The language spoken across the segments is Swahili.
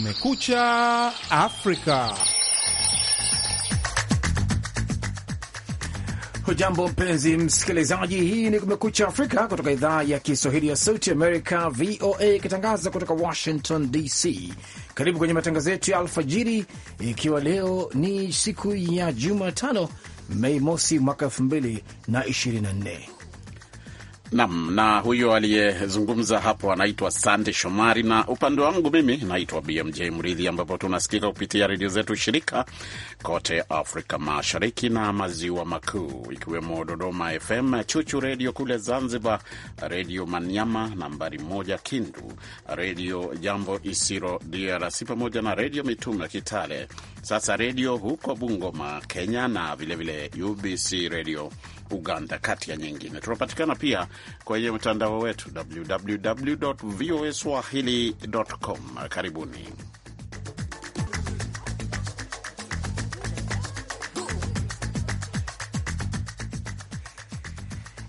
Kumekucha Afrika. Hujambo mpenzi msikilizaji, hii ni Kumekucha Afrika kutoka idhaa ya Kiswahili ya Sauti Amerika, VOA, ikitangaza kutoka Washington DC. Karibu kwenye matangazo yetu ya alfajiri, ikiwa leo ni siku ya Jumatano, Mei mosi mwaka 2024 Nam na huyo aliyezungumza hapo anaitwa Sande Shomari, na upande wangu mimi naitwa BMJ Mridhi, ambapo tunasikika kupitia redio zetu shirika kote Afrika Mashariki na Maziwa Makuu, ikiwemo Dodoma FM, Chuchu Redio kule Zanzibar, Redio Maniama nambari moja Kindu, Redio Jambo Isiro DRC, pamoja na Redio Mitume Kitale, sasa redio huko Bungoma, Kenya, na vilevile vile UBC Redio Uganda, kati ya nyingine. Tunapatikana pia kwenye mtandao wetu www voa swahili.com. Karibuni.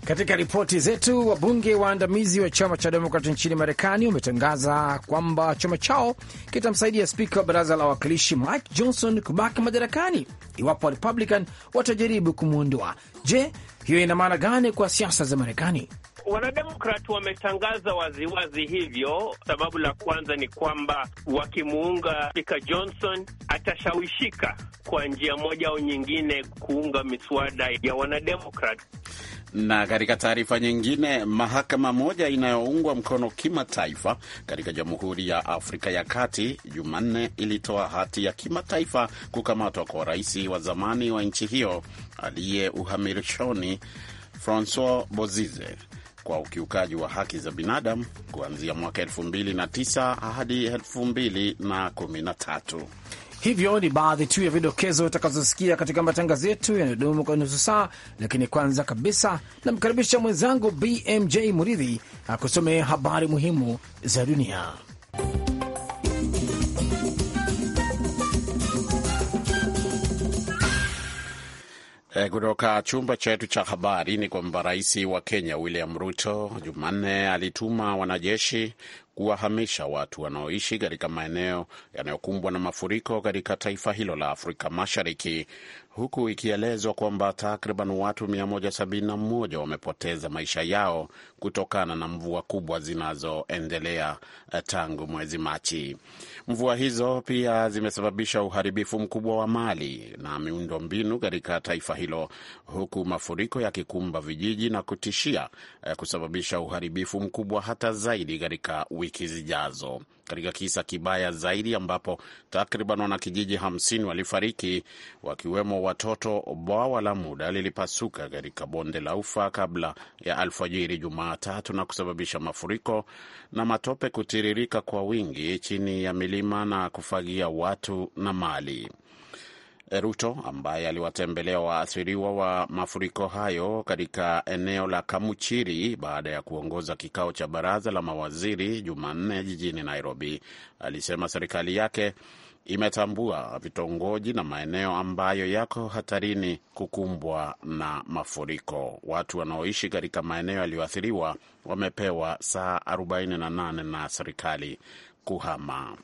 Katika ripoti zetu, wabunge waandamizi wa chama cha demokrati nchini Marekani wametangaza kwamba chama chao kitamsaidia spika wa baraza la wawakilishi Mike Johnson kubaki madarakani iwapo Warepublican watajaribu kumwondoa. Je, hiyo ina maana gani kwa siasa za Marekani? Wanademokrat wametangaza waziwazi hivyo. Sababu la kwanza ni kwamba wakimuunga Spika Johnson atashawishika kwa njia moja au nyingine kuunga miswada ya Wanademokrat. Na katika taarifa nyingine, mahakama moja inayoungwa mkono kimataifa katika Jamhuri ya Afrika ya Kati Jumanne ilitoa hati ya kimataifa kukamatwa kwa rais wa zamani wa nchi hiyo aliye uhamishoni Francois Bozize kwa ukiukaji wa haki za binadamu kuanzia mwaka 2009 hadi 2013. Hivyo ni baadhi tu ya vidokezo utakazosikia katika matangazo yetu yanayodumu kwa nusu saa, lakini kwanza kabisa namkaribisha mwenzangu BMJ Muridhi akusomea habari muhimu za dunia. Eh, kutoka chumba chetu cha habari ni kwamba rais wa Kenya William Ruto Jumanne alituma wanajeshi kuwahamisha watu wanaoishi katika maeneo yanayokumbwa na mafuriko katika taifa hilo la Afrika Mashariki, huku ikielezwa kwamba takriban watu 171 wamepoteza maisha yao kutokana na mvua kubwa zinazoendelea eh, tangu mwezi Machi. Mvua hizo pia zimesababisha uharibifu mkubwa wa mali na miundo mbinu katika taifa hilo, huku mafuriko yakikumba vijiji na kutishia eh, kusababisha uharibifu mkubwa hata zaidi katika wiki zijazo katika kisa kibaya zaidi ambapo takriban wanakijiji 50 walifariki wakiwemo watoto. Bwawa la muda lilipasuka katika bonde la Ufa kabla ya alfajiri Jumatatu na kusababisha mafuriko na matope kutiririka kwa wingi chini ya milima na kufagia watu na mali. Ruto ambaye aliwatembelea waathiriwa wa mafuriko hayo katika eneo la Kamuchiri baada ya kuongoza kikao cha baraza la mawaziri Jumanne jijini Nairobi, alisema serikali yake imetambua vitongoji na maeneo ambayo yako hatarini kukumbwa na mafuriko. Watu wanaoishi katika maeneo yaliyoathiriwa wamepewa saa 48 na serikali kuhama.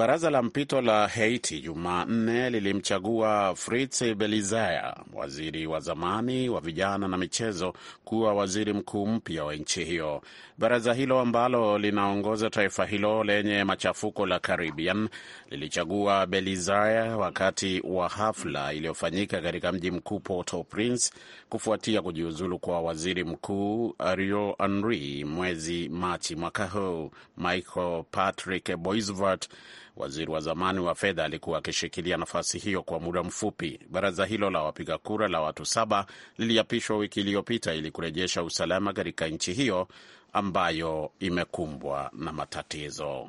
Baraza la mpito la Haiti Jumanne lilimchagua Fritz Belizea, waziri wa zamani wa vijana na michezo, kuwa waziri mkuu mpya wa nchi hiyo. Baraza hilo ambalo linaongoza taifa hilo lenye machafuko la Caribbean lilichagua Belizea wakati wa hafla iliyofanyika katika mji mkuu Port-au-Prince kufuatia kujiuzulu kwa waziri mkuu Ariel Henry mwezi Machi mwaka huu. Michael Patrick Boisvert Waziri wa zamani wa fedha alikuwa akishikilia nafasi hiyo kwa muda mfupi. Baraza hilo la wapiga kura la watu saba liliapishwa wiki iliyopita ili kurejesha usalama katika nchi hiyo ambayo imekumbwa na matatizo.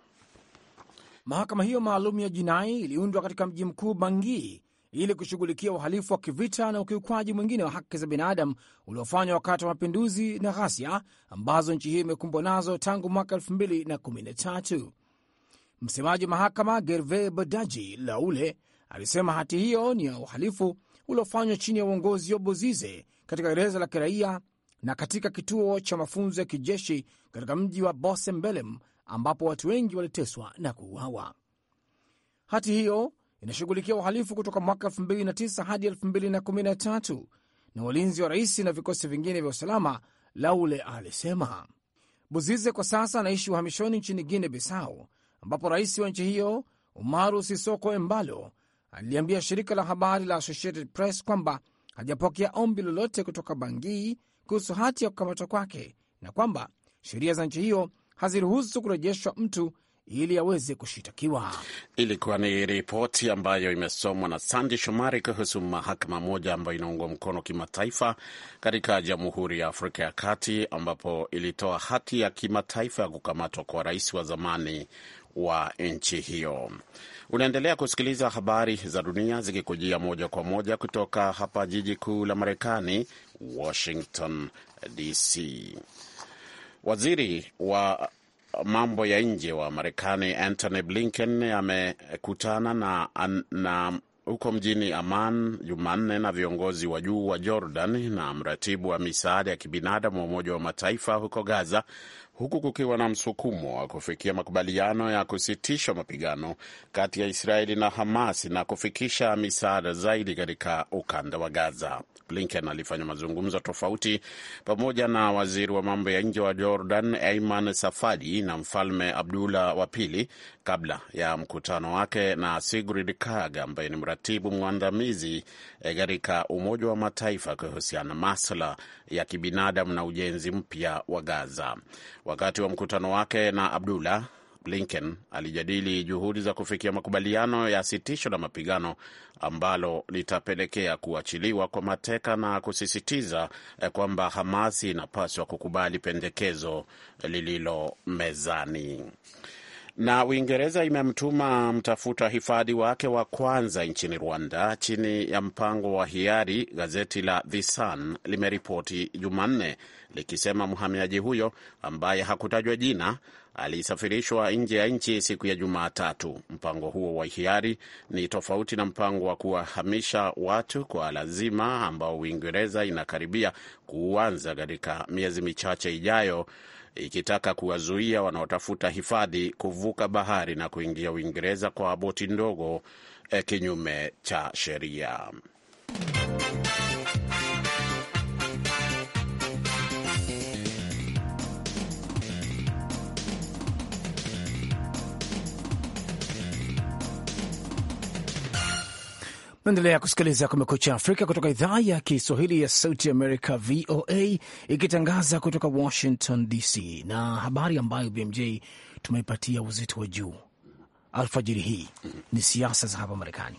Mahakama hiyo maalum ya jinai iliundwa katika mji mkuu Bangui ili kushughulikia uhalifu wa kivita na ukiukwaji mwingine wa haki za binadamu uliofanywa wakati wa mapinduzi na ghasia ambazo nchi hiyo imekumbwa nazo tangu mwaka 2013. Msemaji wa mahakama gerve Badaji Laule alisema hati hiyo ni ya uhalifu uliofanywa chini ya uongozi wa Bozize katika gereza la kiraia na katika kituo cha mafunzo ya kijeshi katika mji wa Bosembelem ambapo watu wengi waliteswa na kuuawa. Hati hiyo inashughulikia uhalifu kutoka mwaka 2009 hadi 2013 na walinzi wa rais na vikosi vingine vya usalama, Laule alisema. Bozize kwa sasa anaishi uhamishoni nchini Guinea Bissau ambapo rais wa nchi hiyo Umaru Sisoko Embalo aliliambia shirika la habari la Associated Press kwamba hajapokea ombi lolote kutoka Bangii kuhusu hati ya kukamatwa kwake na kwamba sheria za nchi hiyo haziruhusu kurejeshwa mtu ili aweze kushitakiwa. Ilikuwa ni ripoti ambayo imesomwa na Sandi Shomari kuhusu mahakama moja ambayo inaungwa mkono kimataifa katika Jamhuri ya Afrika ya Kati, ambapo ilitoa hati ya kimataifa ya kukamatwa kwa rais wa zamani wa nchi hiyo. Unaendelea kusikiliza habari za dunia zikikujia moja kwa moja kutoka hapa jiji kuu la Marekani, Washington DC. Waziri wa mambo ya nje wa Marekani Antony Blinken amekutana na, na huko mjini aman Jumanne na viongozi wa juu wa Jordan na mratibu wa misaada ya kibinadamu wa Umoja wa Mataifa huko Gaza huku kukiwa na msukumo wa kufikia makubaliano ya kusitisha mapigano kati ya Israeli na Hamas na kufikisha misaada zaidi katika ukanda wa Gaza. Blinken alifanya mazungumzo tofauti pamoja na waziri wa mambo ya nje wa Jordan Ayman Safadi na mfalme Abdullah wa pili kabla ya mkutano wake na Sigrid Kaag ambaye ni mratibu mwandamizi e, katika Umoja wa Mataifa kuhusiana na masuala ya kibinadamu na ujenzi mpya wa Gaza. Wakati wa mkutano wake na Abdullah Blinken alijadili juhudi za kufikia makubaliano ya sitisho la mapigano ambalo litapelekea kuachiliwa kwa mateka na kusisitiza eh, kwamba Hamas inapaswa kukubali pendekezo lililo mezani. Na Uingereza imemtuma mtafuta hifadhi wake wa kwanza nchini Rwanda chini ya mpango wa hiari, gazeti la The Sun limeripoti Jumanne likisema mhamiaji huyo ambaye hakutajwa jina alisafirishwa nje ya nchi siku ya Jumatatu. Mpango huo wa hiari ni tofauti na mpango wa kuwahamisha watu kwa lazima ambao Uingereza inakaribia kuanza katika miezi michache ijayo, ikitaka kuwazuia wanaotafuta hifadhi kuvuka bahari na kuingia Uingereza kwa boti ndogo eh, kinyume cha sheria. Naendelea kusikiliza Kumekucha Afrika kutoka idhaa ya Kiswahili ya Sauti Amerika, VOA, ikitangaza kutoka Washington DC. Na habari ambayo BMJ tumeipatia uzito wa juu alfajiri hii ni siasa za hapa Marekani,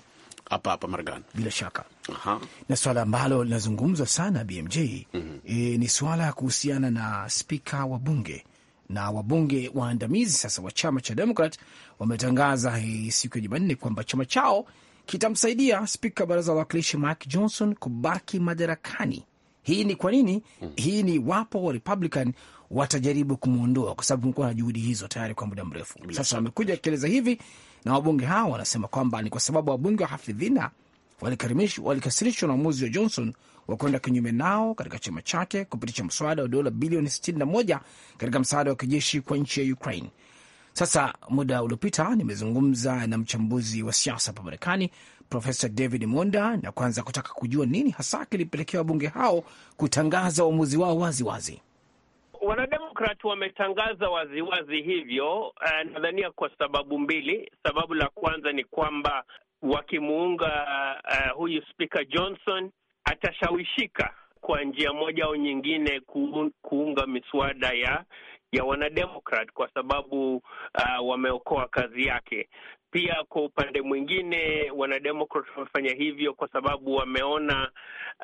hapa hapa Marekani bila shaka. Aha. na swala ambalo linazungumzwa sana BMJ mm -hmm. E, ni swala kuhusiana na spika wa bunge na wabunge waandamizi sasa wa chama cha Demokrat wametangaza hii siku ya Jumanne kwamba chama chao kitamsaidia spika baraza la wakilishi Mike Johnson kubaki madarakani. Hii ni kwa nini? Mm. Hii ni iwapo wa Republican watajaribu kumwondoa, kwa sababu kumekuwa na juhudi hizo tayari kwa muda mrefu sasa. Wamekuja akieleza hivi, na wabunge hawa wanasema kwamba ni kwa sababu wabunge wa hafidhina walikasirishwa na uamuzi wa Johnson wa kwenda kinyume nao katika chama chake kupitisha mswada wa dola bilioni 61 katika msaada wa kijeshi kwa nchi ya Ukraine. Sasa muda uliopita nimezungumza na mchambuzi wa siasa hapa Marekani, Profesa David Monda, na kwanza kutaka kujua nini hasa kilipelekea wabunge hao kutangaza uamuzi wao waziwazi. Wanademokrat wametangaza waziwazi hivyo, uh, nadhania kwa sababu mbili. Sababu la kwanza ni kwamba wakimuunga uh, huyu spika Johnson atashawishika kwa njia moja au nyingine kuunga miswada ya ya wanademokrat kwa sababu uh, wameokoa kazi yake. Pia kwa upande mwingine, wanademokrat wamefanya hivyo kwa sababu wameona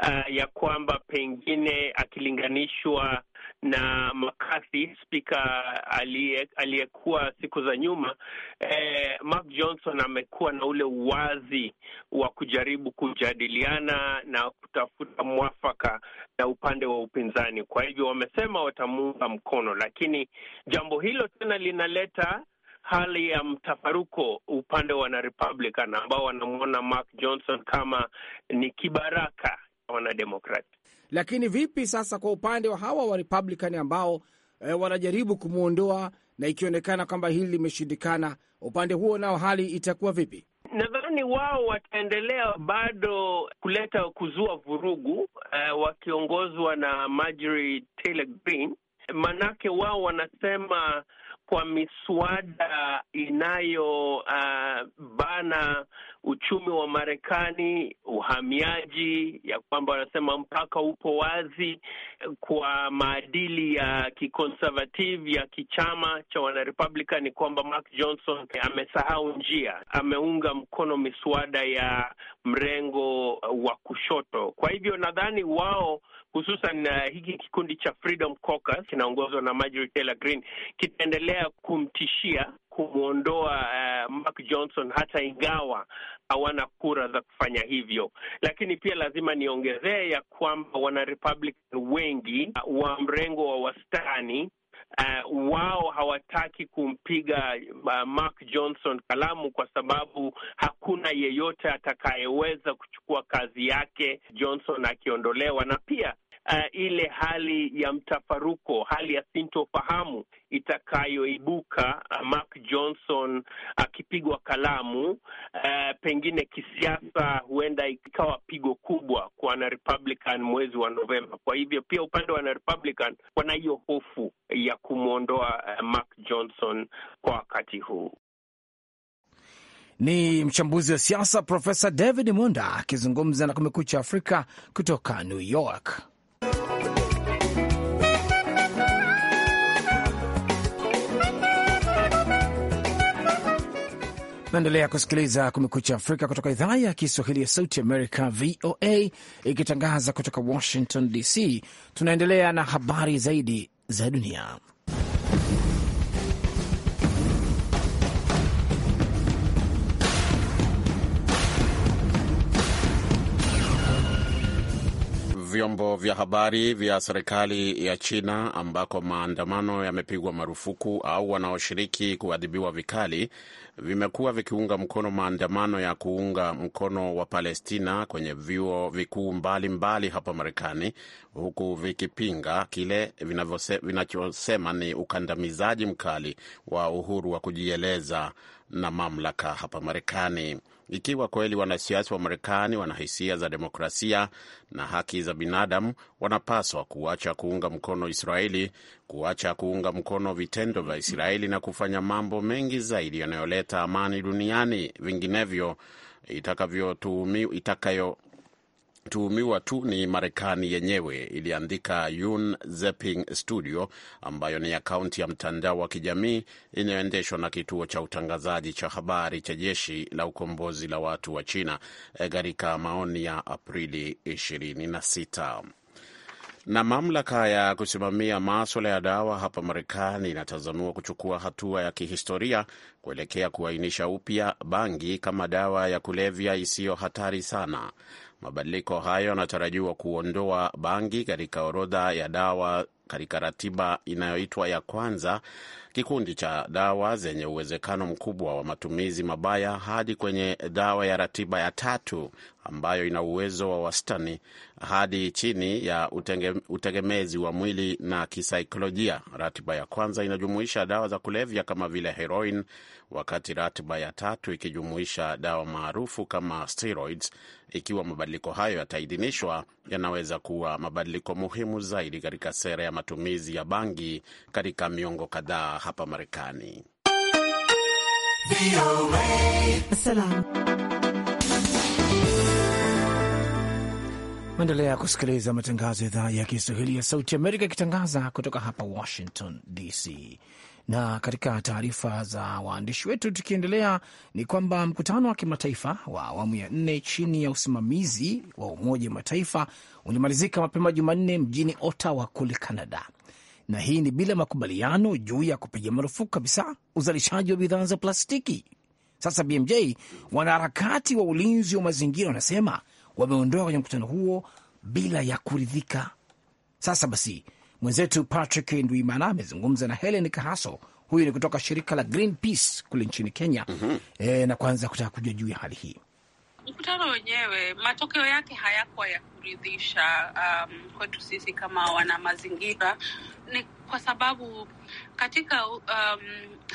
uh, ya kwamba pengine akilinganishwa na McCarthy, spika aliyekuwa siku za nyuma. Eh, Mark Johnson amekuwa na ule uwazi wa kujaribu kujadiliana na kutafuta mwafaka na upande wa upinzani. Kwa hivyo wamesema watamuunga mkono, lakini jambo hilo tena linaleta hali ya mtafaruko upande wa wanarepublican ambao wanamwona Mark Johnson kama ni kibaraka wanademokrati. Lakini vipi sasa kwa upande wa hawa wa Republican ambao e, wanajaribu kumwondoa na ikionekana kwamba hili limeshindikana, upande huo nao hali itakuwa vipi? Nadhani wao wataendelea bado kuleta kuzua vurugu eh, wakiongozwa na Marjorie Taylor Greene, manake wao wanasema kwa miswada inayobana ah, uh, uchumi wa Marekani, uhamiaji, ya kwamba wanasema mpaka upo wazi kwa maadili ya kiconservative ya kichama cha wanarepublican, ni kwamba Mark Johnson amesahau njia, ameunga mkono miswada ya mrengo wa kushoto. Kwa hivyo nadhani wao hususan uh, hiki kikundi cha Freedom Caucus kinaongozwa na Marjorie Taylor Greene kitaendelea kumtishia kumwondoa uh, Mark Johnson hata ingawa hawana kura za kufanya hivyo. Lakini pia lazima niongezee ya kwamba wana Republican wengi eh, wa mrengo wa wastani Uh, wao hawataki kumpiga uh, Mark Johnson kalamu kwa sababu hakuna yeyote atakayeweza kuchukua kazi yake Johnson akiondolewa, na pia uh, ile hali ya mtafaruko, hali ya sintofahamu itakayoibuka uh, Mark Johnson akipigwa uh, kalamu uh, pengine kisiasa, huenda ikawa pigo kubwa kwa wanarepublican mwezi wa Novemba. Kwa hivyo pia upande wa wanarepublican wana hiyo hofu ya kumwondoa uh, Mark Johnson kwa wakati huu. Ni mchambuzi wa siasa Profesa David Munda akizungumza na Kumekucha Afrika kutoka New York. Naendelea kusikiliza Kumekucha Afrika kutoka idhaa ya Kiswahili ya Sauti Amerika, VOA, ikitangaza kutoka Washington DC. Tunaendelea na habari zaidi za dunia. Vyombo vya habari vya serikali ya China ambako maandamano yamepigwa marufuku au wanaoshiriki kuadhibiwa vikali vimekuwa vikiunga mkono maandamano ya kuunga mkono wa Palestina kwenye vyuo vikuu mbalimbali hapa Marekani, huku vikipinga kile vinachosema ni ukandamizaji mkali wa uhuru wa kujieleza na mamlaka hapa Marekani. Ikiwa kweli wanasiasa wa Marekani wana hisia za demokrasia na haki za binadamu, wanapaswa kuacha kuunga mkono Israeli, kuacha kuunga mkono vitendo vya Israeli na kufanya mambo mengi zaidi yanayoleta amani duniani. Vinginevyo itakayotuhumiwa itakayo kutuhumiwa tu ni Marekani yenyewe, iliandika Yun Zeping Studio, ambayo ni akaunti ya mtandao wa kijamii inayoendeshwa na kituo cha utangazaji cha habari cha jeshi la ukombozi la watu wa China eh, katika maoni ya Aprili 26 na mamlaka ya kusimamia maswala ya dawa hapa Marekani inatazamiwa kuchukua hatua ya kihistoria kuelekea kuainisha upya bangi kama dawa ya kulevya isiyo hatari sana. Mabadiliko hayo yanatarajiwa kuondoa bangi katika orodha ya dawa katika ratiba inayoitwa ya kwanza, kikundi cha dawa zenye uwezekano mkubwa wa matumizi mabaya, hadi kwenye dawa ya ratiba ya tatu ambayo ina uwezo wa wastani hadi chini ya utegemezi wa mwili na kisaikolojia. Ratiba ya kwanza inajumuisha dawa za kulevya kama vile heroin, wakati ratiba ya tatu ikijumuisha dawa maarufu kama steroids. Ikiwa mabadiliko hayo yataidhinishwa, yanaweza kuwa mabadiliko muhimu zaidi katika sera ya matumizi ya bangi katika miongo kadhaa hapa Marekani. Maendelea kusikiliza matangazo ya idhaa ya Kiswahili ya Sauti Amerika ikitangaza kutoka hapa Washington DC. Na katika taarifa za waandishi wetu tukiendelea, ni kwamba mkutano wa kimataifa wa awamu ya nne chini ya usimamizi wa Umoja wa Mataifa ulimalizika mapema Jumanne mjini Ottawa kule Canada, na hii ni bila makubaliano juu ya kupiga marufuku kabisa uzalishaji wa bidhaa za plastiki. Sasa BMJ, wanaharakati wa ulinzi wa mazingira wanasema wameondoa kwenye mkutano huo bila ya kuridhika. Sasa basi, mwenzetu Patrick Ndwimana amezungumza na Helen Kahaso, huyu ni kutoka shirika la Greenpeace kule nchini Kenya. mm -hmm. E, na kwanza kutaka kujua juu ya hali hii mkutano wenyewe matokeo yake hayakuwa ya kuridhisha um, kwetu sisi kama wana mazingira. Ni kwa sababu katika um,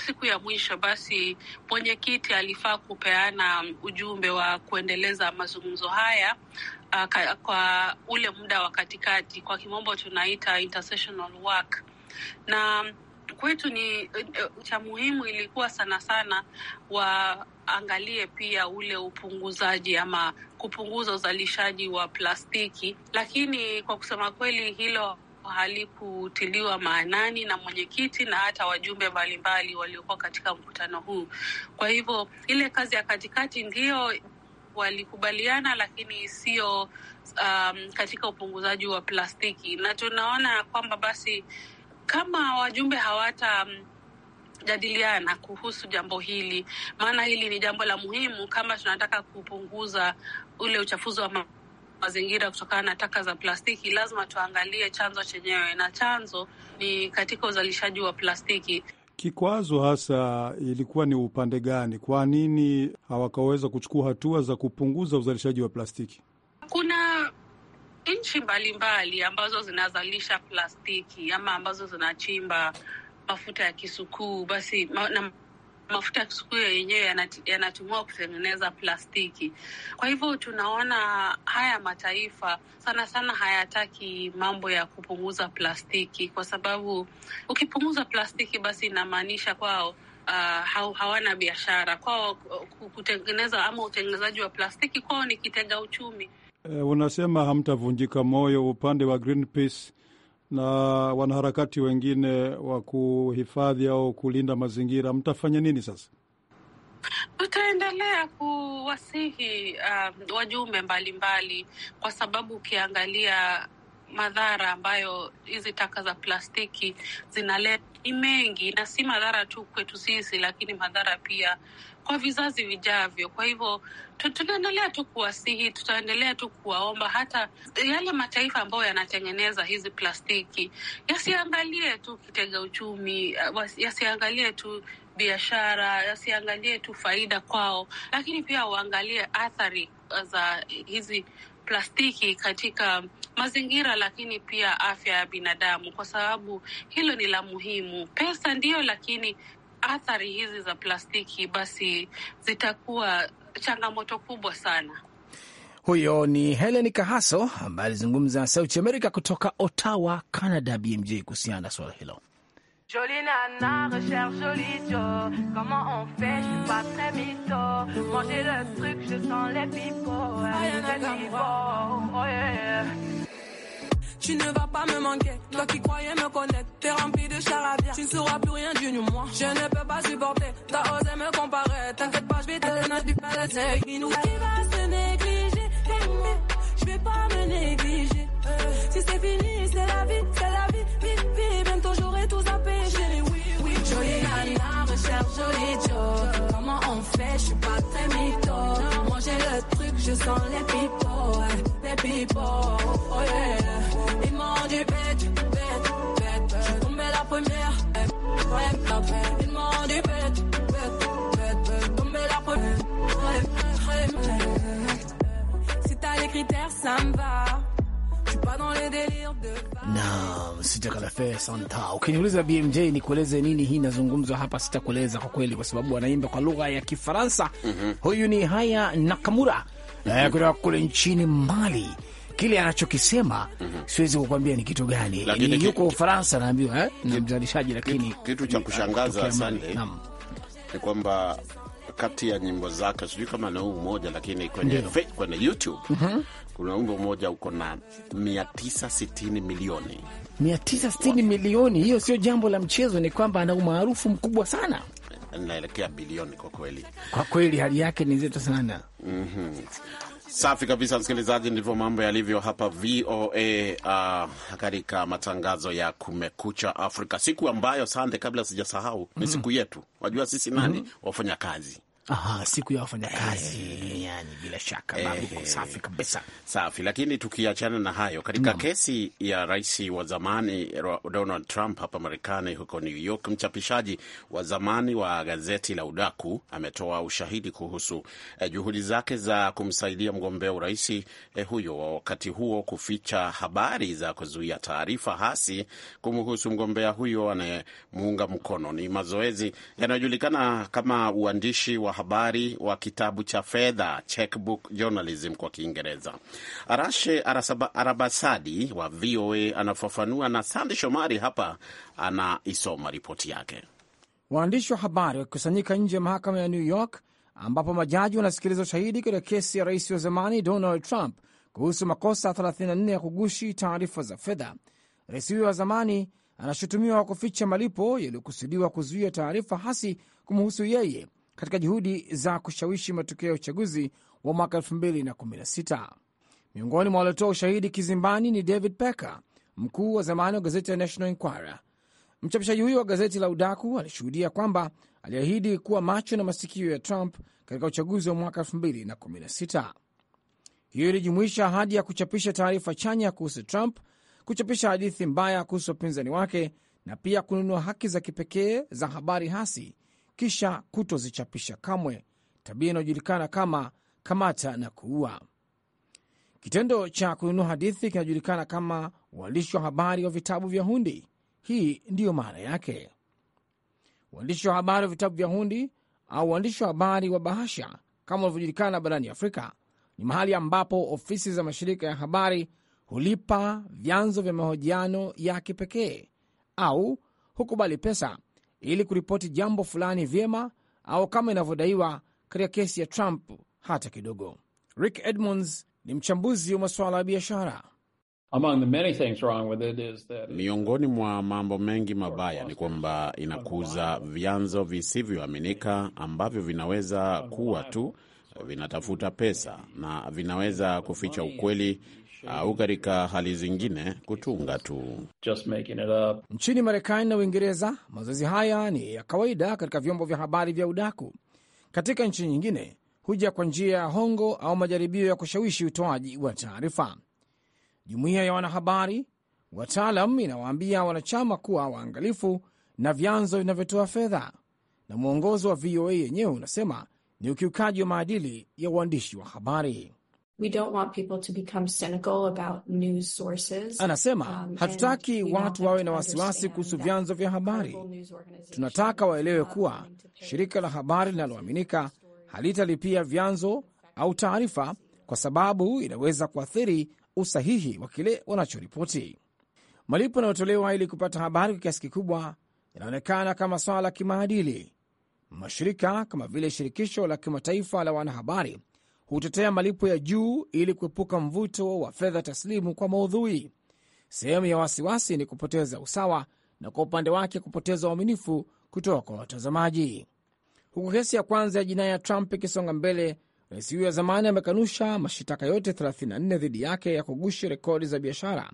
siku ya mwisho basi mwenyekiti alifaa kupeana ujumbe wa kuendeleza mazungumzo haya uh, ka, kwa ule muda wa katikati, kwa kimombo tunaita intersessional work na kwetu ni eh, cha muhimu ilikuwa sana sana waangalie pia ule upunguzaji ama kupunguza uzalishaji wa plastiki, lakini kwa kusema kweli hilo halikutiliwa maanani na mwenyekiti na hata wajumbe mbalimbali waliokuwa katika mkutano huu. Kwa hivyo ile kazi ya katikati ndiyo walikubaliana, lakini sio um, katika upunguzaji wa plastiki, na tunaona kwamba basi kama wajumbe hawata um, jadiliana kuhusu jambo hili, maana hili ni jambo la muhimu kama tunataka kupunguza ule uchafuzi wa ma mazingira kutokana na taka za plastiki, lazima tuangalie chanzo chenyewe, na chanzo ni katika uzalishaji wa plastiki. Kikwazo hasa ilikuwa ni upande gani? Kwa nini hawakaweza kuchukua hatua za kupunguza uzalishaji wa plastiki? nchi mbalimbali ambazo zinazalisha plastiki ama ambazo zinachimba mafuta ya kisukuu basi ma, na mafuta ya kisukuu yenyewe yanatumiwa kutengeneza plastiki. Kwa hivyo tunaona haya mataifa sana sana hayataki mambo ya kupunguza plastiki, kwa sababu ukipunguza plastiki basi inamaanisha kwao Uh, hawana biashara kwao, kutengeneza ama utengenezaji wa plastiki kwao ni kitega uchumi eh, unasema hamtavunjika moyo upande wa Greenpeace na wanaharakati wengine wa kuhifadhi au kulinda mazingira, mtafanya nini sasa? Tutaendelea kuwasihi uh, wajumbe mbalimbali, kwa sababu ukiangalia madhara ambayo hizi taka za plastiki zinaleta ni mengi, na si madhara tu kwetu sisi, lakini madhara pia kwa vizazi vijavyo. Kwa hivyo tunaendelea tu kuwasihi, tutaendelea tu kuwaomba hata yale mataifa ambayo yanatengeneza hizi plastiki yasiangalie tu kitega uchumi, yasiangalie tu biashara, yasiangalie tu faida kwao, lakini pia waangalie athari uh, za hizi plastiki katika mazingira, lakini pia afya ya binadamu, kwa sababu hilo ni la muhimu. Pesa ndiyo, lakini athari hizi za plastiki basi zitakuwa changamoto kubwa sana. Huyo ni Helen Kahaso ambaye alizungumza Sauti Amerika kutoka Ottawa, Canada, BMJ kuhusiana na suala hilo. Jolie nana, recherche jolie Joe. Comment on fait, je suis pas très mytho. Manger le truc, je sens les pipots. Ah, Aïe, oh, Tu ne vas pas me manquer, toi qui croyais me connaître, t'es rempli de charabia, tu ne sauras plus rien du moi. Je ne peux pas supporter, t'as osé me comparer, t'inquiète pas, je vais te donner du palais. nous qui va se négliger, je vais pas me négliger. Si c'est fini, c'est la vie, c'est la vie, vie, vie. Bientôt et tout zappé, les oui, oui. Jolie nana, recherche jolie Joe. Comment on fait, je suis pas très mytho. Moi j'ai le truc, je sens les people, les people oh yeah. Ils m'ont dit bête, bête, bête. Je la première, eh, ouais, la bête. Ils m'ont dit bête, bête, bête, la première, eh, Si t'as les critères, ça me va. Naam, fe santa. Ukiniuliza BMJ nikueleze nini hii inazungumzwa hapa, sitakueleza kwa kweli, kwa sababu anaimba kwa lugha ya Kifaransa. mm -hmm. Huyu ni Haya Nakamura mm -hmm. kutoka kule nchini Mali. Kile anachokisema mm -hmm. siwezi kukwambia ni kitu gani, ni yuko Ufaransa naambiwa eh, na mzalishaji, lakini kitu cha kushangaza ni kwamba kati ya nyimbo zake, sijui kama na huu mmoja, lakini kwenye fe, kwenye YouTube mm -hmm. kuna wimbo mmoja uko na 960 milioni 960 milioni. Hiyo sio jambo la mchezo, ni kwamba ana umaarufu mkubwa sana naelekea bilioni kwa kweli, kwa kweli hali yake ni nzito sana. mm -hmm. Safi kabisa, msikilizaji, ndivyo mambo yalivyo hapa VOA uh, ah, katika matangazo ya Kumekucha Afrika, siku ambayo sande, kabla sijasahau, ni mhm. siku yetu, wajua sisi nani, mhm. wafanya kazi Aha, siku ya wafanyakazi duniani eh, bila shaka eh, safi kabisa, safi. Lakini tukiachana na hayo, katika kesi ya rais wa zamani Donald Trump hapa Marekani, huko New York, mchapishaji wa zamani wa gazeti la udaku ametoa ushahidi kuhusu eh, juhudi zake za kumsaidia mgombea urais eh, huyo wa wakati huo kuficha habari za kuzuia taarifa hasi kumhusu mgombea huyo anayemuunga mkono. Ni mazoezi yanayojulikana kama uandishi wa habari wa kitabu cha fedha Checkbook Journalism kwa Kiingereza. Arashe Arabasadi wa VOA anafafanua na Sande Shomari hapa anaisoma ripoti yake. Waandishi wa habari wakikusanyika nje ya mahakama ya New York ambapo majaji wanasikiliza ushahidi katika kesi ya rais wa zamani Donald Trump kuhusu makosa 34 ya kugushi taarifa za fedha. Rais huyo wa zamani anashutumiwa kuficha malipo yaliyokusudiwa kuzuia taarifa hasi kumhusu yeye katika juhudi za kushawishi matokeo ya uchaguzi wa mwaka 2016. Miongoni mwa waliotoa ushahidi kizimbani ni David Pecker, mkuu wa zamani wa gazeti la National Enquirer. Mchapishaji huyo wa gazeti la udaku alishuhudia kwamba aliahidi kuwa macho na masikio ya Trump katika uchaguzi wa mwaka 2016. Hiyo ilijumuisha ahadi ya kuchapisha taarifa chanya kuhusu Trump, kuchapisha hadithi mbaya kuhusu wapinzani wake na pia kununua haki za kipekee za habari hasi kisha kutozichapisha kamwe, tabia inayojulikana kama kamata na kuua. Kitendo cha kununua hadithi kinajulikana kama uandishi wa habari wa vitabu vya hundi. Hii ndiyo maana yake. Uandishi wa habari wa vitabu vya hundi au uandishi wa habari wa bahasha kama unavyojulikana barani Afrika ni mahali ambapo ofisi za mashirika ya habari hulipa vyanzo vya mahojiano ya kipekee au hukubali pesa ili kuripoti jambo fulani vyema au kama inavyodaiwa katika kesi ya Trump hata kidogo. Rick Edmonds ni mchambuzi wa masuala ya biashara. Miongoni mwa mambo mengi mabaya ni kwamba inakuza vyanzo visivyoaminika ambavyo vinaweza kuwa tu vinatafuta pesa na vinaweza kuficha ukweli au katika hali zingine kutunga tu. Nchini Marekani na Uingereza, mazoezi haya ni ya kawaida katika vyombo vya habari vya udaku. Katika nchi nyingine huja kwa njia ya hongo au majaribio ya kushawishi utoaji wa taarifa. Jumuiya ya wanahabari wataalam inawaambia wanachama kuwa waangalifu na vyanzo vinavyotoa fedha, na mwongozo wa VOA yenyewe unasema ni ukiukaji wa maadili ya uandishi wa habari. We don't want people to become cynical about news sources. Anasema um, hatutaki watu wawe na wasiwasi kuhusu vyanzo vya habari. Tunataka waelewe kuwa shirika la habari linaloaminika halitalipia vyanzo au taarifa, kwa sababu inaweza kuathiri usahihi wa kile wanachoripoti. Malipo yanayotolewa ili kupata habari kwa kiasi kikubwa yanaonekana kama swala la kimaadili. Mashirika kama vile Shirikisho la Kimataifa la Wanahabari hutetea malipo ya juu ili kuepuka mvuto wa fedha taslimu kwa maudhui. Sehemu ya wasiwasi ni kupoteza usawa na kwa upande wake kupoteza uaminifu kutoka kwa watazamaji. Huku kesi ya kwanza ya jinai ya Trump ikisonga mbele, rais huyo wa zamani amekanusha mashitaka yote 34 dhidi yake ya kugushi rekodi za biashara.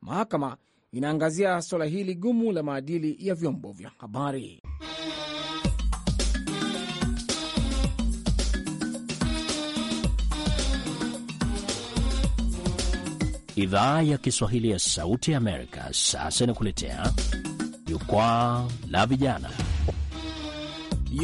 Mahakama inaangazia suala hili gumu la maadili ya vyombo vya habari. Idhaa ya Kiswahili ya Sauti ya Amerika sasa inakuletea jukwaa la vijana.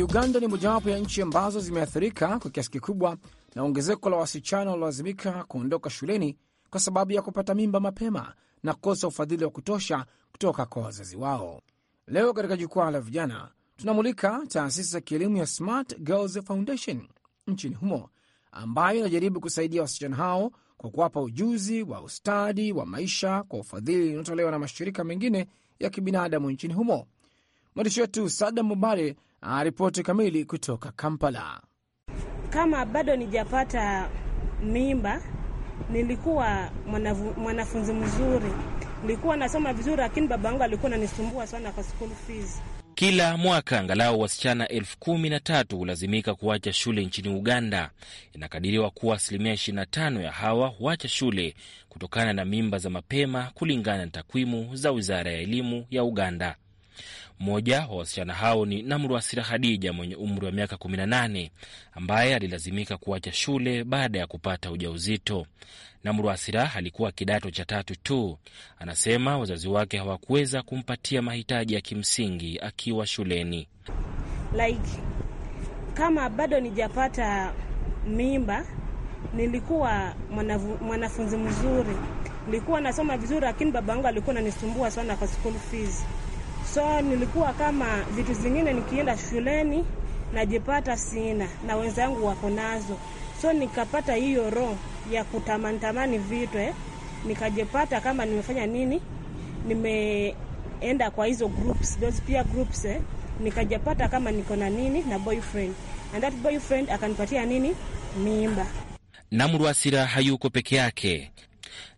Uganda ni mojawapo ya nchi ambazo zimeathirika kwa kiasi kikubwa na ongezeko la wasichana waliolazimika kuondoka shuleni kwa sababu ya kupata mimba mapema na kukosa ufadhili wa kutosha kutoka kwa wazazi wao. Leo katika jukwaa la vijana tunamulika taasisi za kielimu ya Smart Girls Foundation nchini humo ambayo inajaribu kusaidia wasichana hao kwa kuwapa ujuzi wa ustadi wa maisha kwa ufadhili unaotolewa na mashirika mengine ya kibinadamu nchini humo. Mwandishi wetu Sada mubare aripoti kamili kutoka Kampala. Kama bado nijapata mimba, nilikuwa mwanafunzi mzuri, nilikuwa nasoma vizuri, lakini baba yangu alikuwa ananisumbua sana kwa school fees kila mwaka angalau wasichana elfu kumi na tatu hulazimika kuacha shule nchini Uganda. Inakadiriwa kuwa asilimia 25 ya hawa huacha shule kutokana na mimba za mapema, kulingana na takwimu za wizara ya elimu ya Uganda. Mmoja wa wasichana hao ni Namruasira Hadija mwenye umri wa miaka 18 ambaye alilazimika kuacha shule baada ya kupata ujauzito. Namruasira alikuwa kidato cha tatu tu. Anasema wazazi wake hawakuweza kumpatia mahitaji ya kimsingi akiwa shuleni. Like, kama bado nijapata mimba nilikuwa mwanavu, mwanafunzi mzuri, nilikuwa nasoma vizuri, lakini baba babangu alikuwa ananisumbua sana kwa school fees So nilikuwa kama vitu zingine, nikienda shuleni najipata sina na wenzangu wako nazo, so nikapata hiyo roho ya kutamanitamani vitu eh. Nikajipata kama nimefanya nini, nimeenda kwa hizo groups, those peer groups eh. Nikajipata kama niko na nini na boyfriend and that boyfriend akanipatia nini, mimba. Namruasira hayuko peke yake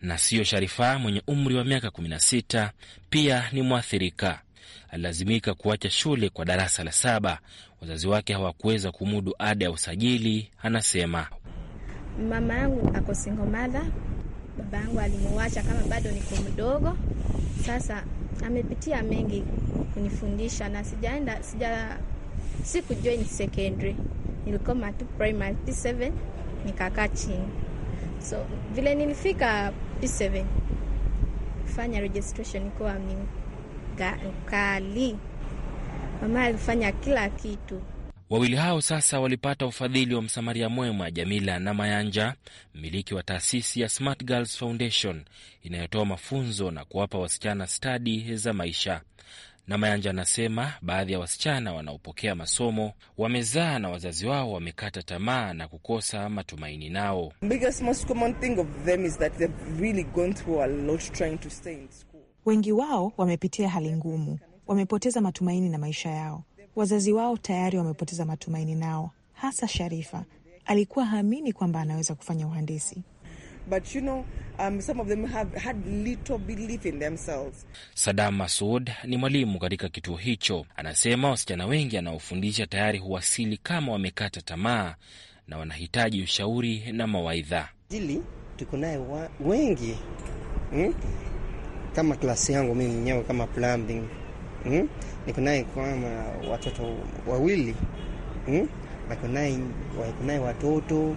na siyo Sharifa mwenye umri wa miaka 16 pia ni mwathirika alilazimika kuacha shule kwa darasa la saba. Wazazi wake hawakuweza kumudu ada ya usajili. Anasema mama yangu ako single mother, baba yangu alimuacha kama bado niko mdogo. Sasa amepitia mengi kunifundisha na sijaenda sija, join secondary, nilikoma tu primary P7 nikakaa chini. So vile nilifika P7 kufanya registration kuwa mimi kali, mama alifanya kila kitu. Wawili hao sasa walipata ufadhili wa Msamaria Mwema Jamila na Mayanja, mmiliki wa taasisi ya Smart Girls Foundation inayotoa mafunzo na kuwapa wasichana stadi za maisha. Na Mayanja anasema baadhi ya wasichana wanaopokea masomo wamezaa na wazazi wao wamekata tamaa na kukosa matumaini nao. Wengi wao wamepitia hali ngumu, wamepoteza matumaini na maisha yao. Wazazi wao tayari wamepoteza matumaini nao, hasa Sharifa alikuwa haamini kwamba anaweza kufanya uhandisi. But you know, um, some of them have had little belief in themselves. Sadam Masud ni mwalimu katika kituo hicho. Anasema wasichana wengi anaofundisha tayari huwasili kama wamekata tamaa na wanahitaji ushauri na mawaidha. Jili tuko naye wengi hmm? kama klasi yangu mimi mwenyewe kama plumbing mm? niko naye kama watoto wawili mm? niko naye watoto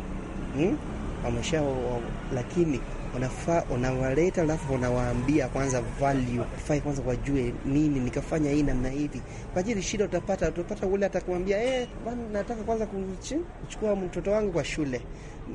mm? wamesha wa, lakini unafaa unawaleta, alafu unawaambia kwanza value fai, kwanza wajue nini nikafanya hii namna hivi kwa ajili shida utapata utapata ule atakwambia eh, bwana, nataka kwanza kuchukua mtoto wangu kwa shule,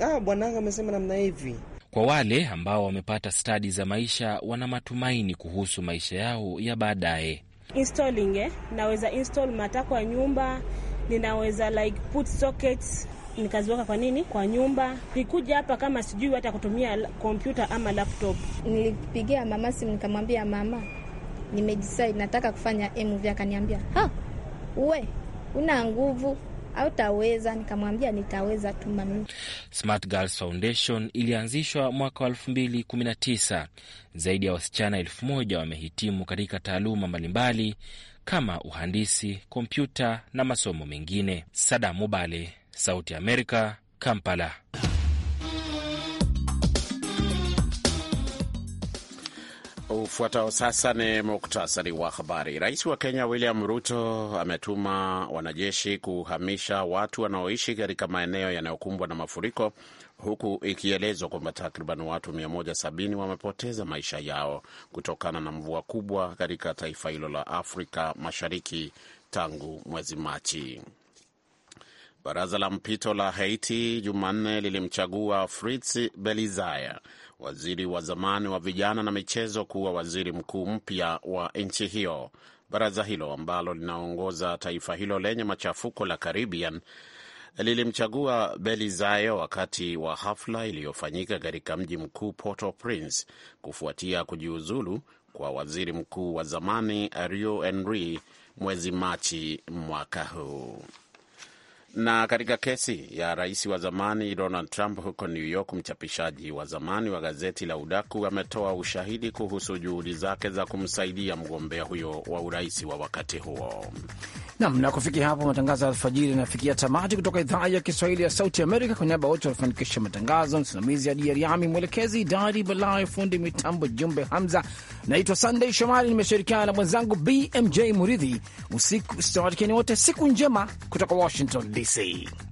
ah, bwanangu amesema namna hivi kwa wale ambao wamepata stadi za maisha, wana matumaini kuhusu maisha yao ya baadaye. Installing, eh? Naweza install mata kwa nyumba, ninaweza like put sockets nikaziweka kwa nini kwa nyumba. Nikuja hapa kama sijui hata kutumia kompyuta ama laptop. Nilipigia mama simu nikamwambia mama, nimejisai nataka kufanya movie. Akaniambia ha, uwe una nguvu autaweza Nikamwambia nitaweza tu mami. Smart Girls Foundation ilianzishwa mwaka wa elfu mbili kumi na tisa. Zaidi ya wasichana elfu moja wamehitimu katika taaluma mbalimbali kama uhandisi, kompyuta na masomo mengine. Sada Mubale, Sauti Amerika, Kampala. Ufuatao sasa ni muktasari wa habari. Rais wa Kenya William Ruto ametuma wanajeshi kuhamisha watu wanaoishi katika maeneo yanayokumbwa na mafuriko, huku ikielezwa kwamba takriban watu 170 wamepoteza maisha yao kutokana na mvua kubwa katika taifa hilo la Afrika Mashariki tangu mwezi Machi. Baraza la mpito la Haiti Jumanne lilimchagua Fritz Belizaire waziri wa zamani wa vijana na michezo, kuwa waziri mkuu mpya wa nchi hiyo. Baraza hilo ambalo linaongoza taifa hilo lenye machafuko la Caribbean lilimchagua zayo wakati wa hafla iliyofanyika katika mji mkuu Port-au-Prince kufuatia kujiuzulu kwa waziri mkuu wa zamani Ariel Henry mwezi Machi mwaka huu. Na katika kesi ya rais wa zamani Donald Trump huko New York, mchapishaji wa zamani wa gazeti la udaku ametoa ushahidi kuhusu juhudi zake za kumsaidia mgombea huyo wa urais wa wakati huo. Nam na kufikia hapo, matangazo ya alfajiri yanafikia tamati kutoka idhaa ya Kiswahili ya Sauti Amerika. Kwa niaba wote walifanikisha matangazo, msimamizi ya Diariami, mwelekezi Dari Balai, fundi mitambo Jumbe Hamza. Naitwa Sandey Shomari, nimeshirikiana na mwenzangu BMJ Muridhi. Usiku wote, siku njema kutoka Washington DC. DC.